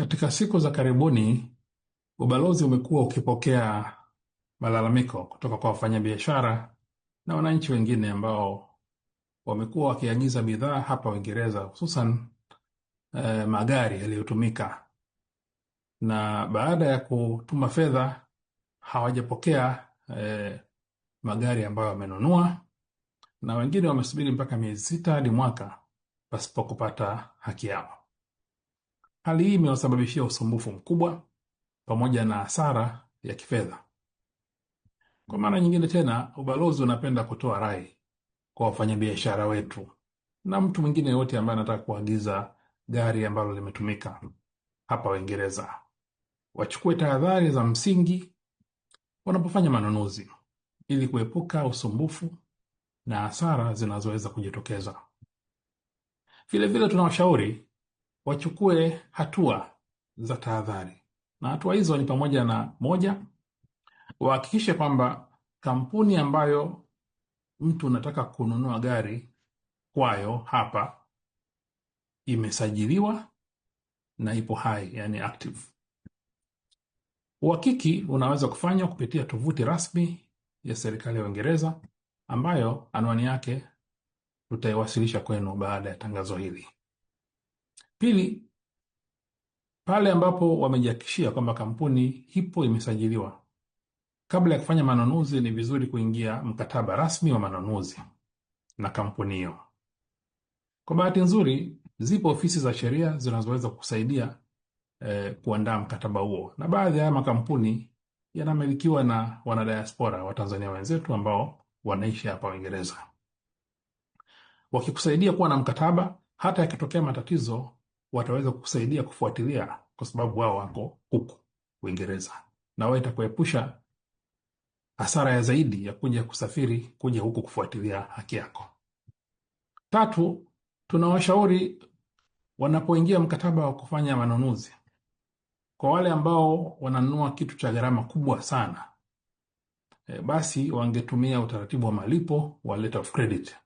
Katika siku za karibuni, ubalozi umekuwa ukipokea malalamiko kutoka kwa wafanyabiashara na wananchi wengine ambao wamekuwa wakiagiza bidhaa hapa Uingereza, hususan eh, magari yaliyotumika, na baada ya kutuma fedha hawajapokea eh, magari ambayo wamenunua, na wengine wamesubiri mpaka miezi sita hadi mwaka pasipo kupata haki yao. Hali hii imewasababishia usumbufu mkubwa pamoja na hasara ya kifedha. Kwa mara nyingine tena, ubalozi unapenda kutoa rai kwa wafanyabiashara wetu na mtu mwingine yoyote ambaye anataka kuagiza gari ambalo limetumika hapa Uingereza, wachukue tahadhari za msingi wanapofanya manunuzi ili kuepuka usumbufu na hasara zinazoweza kujitokeza. Vilevile tunawashauri wachukue hatua za tahadhari, na hatua hizo ni pamoja na moja, wahakikishe kwamba kampuni ambayo mtu unataka kununua gari kwayo hapa imesajiliwa na ipo hai, yani active. Uhakiki unaweza kufanywa kupitia tovuti rasmi ya serikali ya Uingereza ambayo anwani yake tutaiwasilisha kwenu baada ya tangazo hili. Pili, pale ambapo wamejihakikishia kwamba kampuni ipo imesajiliwa. Kabla ya kufanya manunuzi, ni vizuri kuingia mkataba rasmi wa manunuzi na kampuni hiyo. Kwa bahati nzuri, zipo ofisi za sheria zinazoweza kusaidia eh, kuandaa mkataba huo, na baadhi ya haya makampuni yanamilikiwa na wanadiaspora wa Tanzania wenzetu ambao wanaishi hapa Uingereza, wakikusaidia kuwa na mkataba. Hata yakitokea matatizo wataweza kukusaidia kufuatilia kwa sababu wao wako huko Uingereza na wao itakuepusha hasara ya zaidi ya kuja kusafiri kuja huku kufuatilia haki yako. Tatu, tunawashauri wanapoingia mkataba wa kufanya manunuzi, kwa wale ambao wananunua kitu cha gharama kubwa sana e, basi wangetumia utaratibu wa malipo wa letter of credit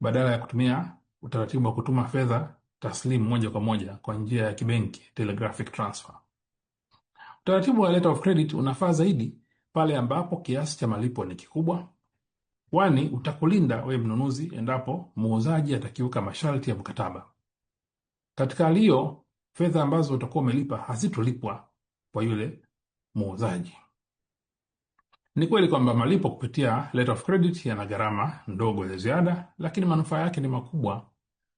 badala ya kutumia utaratibu wa kutuma fedha taslimu moja kwa moja kwa njia ya kibenki telegraphic transfer. Utaratibu wa letter of credit unafaa zaidi pale ambapo kiasi cha malipo ni kikubwa, kwani utakulinda wewe mnunuzi endapo muuzaji atakiuka masharti ya mkataba. Katika hali hiyo, fedha ambazo utakuwa umelipa hazitolipwa kwa yule muuzaji. Ni kweli kwamba malipo kupitia letter of credit yana gharama ndogo ya ziada, lakini manufaa yake ni makubwa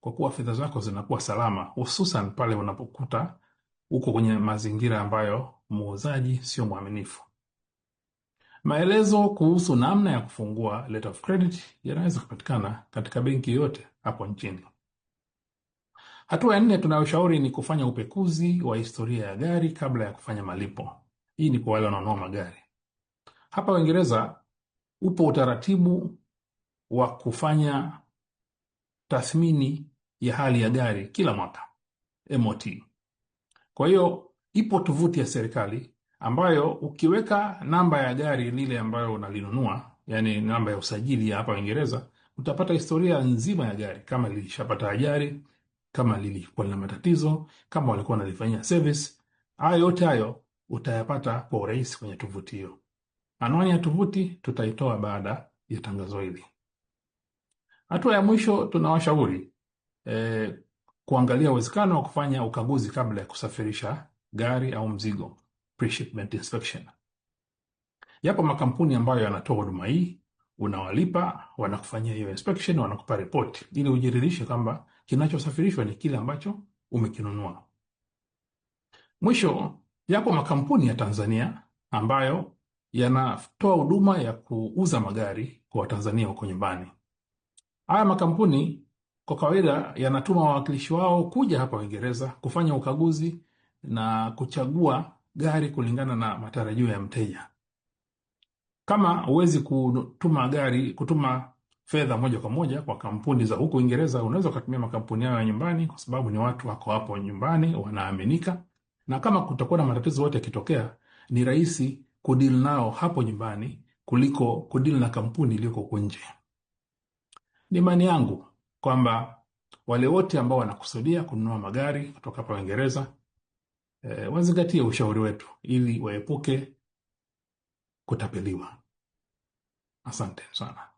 kwa kuwa fedha zako zinakuwa salama, hususan pale unapokuta uko kwenye mazingira ambayo muuzaji sio mwaminifu. Maelezo kuhusu namna ya kufungua letter of credit yanaweza kupatikana katika benki yoyote hapo nchini. Hatua ya nne tunayoshauri ni kufanya upekuzi wa historia ya gari kabla ya kufanya malipo. Hii ni kwa wale wanaonunua magari. Hapa Uingereza upo utaratibu wa kufanya tathmini ya hali ya gari kila mwaka MOT. Kwa hiyo ipo tovuti ya serikali ambayo ukiweka namba ya gari lile ambayo unalinunua, yani namba ya usajili ya hapa Uingereza, utapata historia nzima ya gari, kama lilishapata ajali, kama lilikuwa lina matatizo, kama walikuwa wanalifanyia service. Hayo yote hayo utayapata kwa urahisi kwenye tovuti hiyo. Anwani ya tovuti tutaitoa baada ya tangazo hili. Hatua ya mwisho, tunawashauri e, kuangalia uwezekano wa kufanya ukaguzi kabla ya kusafirisha gari au mzigo, pre-shipment inspection. Yapo makampuni ambayo yanatoa huduma hii, unawalipa, wanakufanyia hiyo inspection, wanakupa ripoti ili ujiridhishe kwamba kinachosafirishwa ni kile ambacho umekinunua. Mwisho, yapo makampuni ya Tanzania ambayo yanatoa huduma ya kuuza magari kwa Watanzania huko nyumbani. Haya makampuni kwa kawaida yanatuma wawakilishi wao kuja hapa Uingereza kufanya ukaguzi na kuchagua gari kulingana na matarajio ya mteja. Kama huwezi kutuma gari kutuma fedha moja kwa moja kwa kampuni za huko Uingereza, unaweza ukatumia makampuni yao ya nyumbani, kwa sababu ni watu wako hapo nyumbani, wanaaminika, na kama kutakuwa na matatizo yote yakitokea, ni rahisi kudili nao hapo nyumbani kuliko kudili na kampuni iliyoko huko nje. Ni imani yangu kwamba wale wote ambao wanakusudia kununua magari kutoka hapa Uingereza e, wazingatie ushauri wetu ili waepuke kutapeliwa. Asante sana.